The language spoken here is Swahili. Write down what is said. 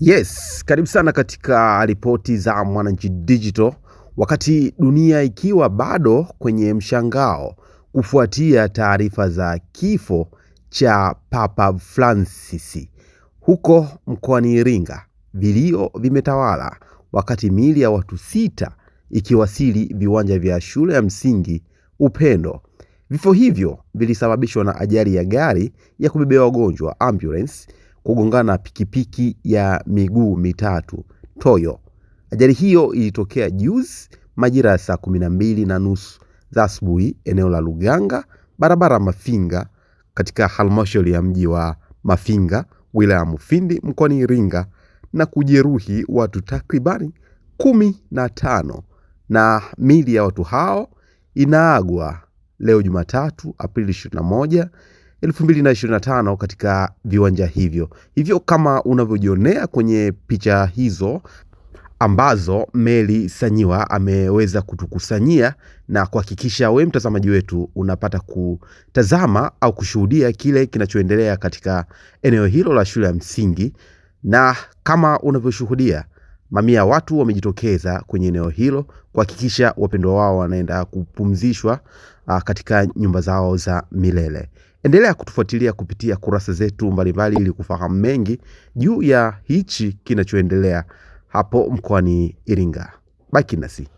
Yes, karibu sana katika ripoti za Mwananchi Digital. Wakati dunia ikiwa bado kwenye mshangao kufuatia taarifa za kifo cha Papa Francis huko mkoani Iringa, vilio vimetawala wakati miili ya watu sita ikiwasili viwanja vya shule ya msingi Upendo. Vifo hivyo vilisababishwa na ajali ya gari ya kubebea wagonjwa ambulance kugongana na pikipiki ya miguu mitatu Toyo. Ajali hiyo ilitokea juzi majira ya saa kumi na mbili na nusu za asubuhi eneo la Luganga, barabara Mafinga, katika halmashauri ya mji wa Mafinga, wilaya ya Mufindi, mkoani Iringa, na kujeruhi watu takribani kumi na tano na mili ya watu hao inaagwa leo Jumatatu Aprili 2025 katika viwanja hivyo. Hivyo kama unavyojionea kwenye picha hizo ambazo Mary Sanyiwa ameweza kutukusanyia na kuhakikisha we mtazamaji wetu unapata kutazama au kushuhudia kile kinachoendelea katika eneo hilo la shule ya msingi, na kama unavyoshuhudia mamia ya watu wamejitokeza kwenye eneo hilo kuhakikisha wapendwa wao wanaenda kupumzishwa ah, katika nyumba zao za milele endelea kutufuatilia kupitia kurasa zetu mbalimbali ili kufahamu mengi juu ya hichi kinachoendelea hapo mkoani iringa baki nasi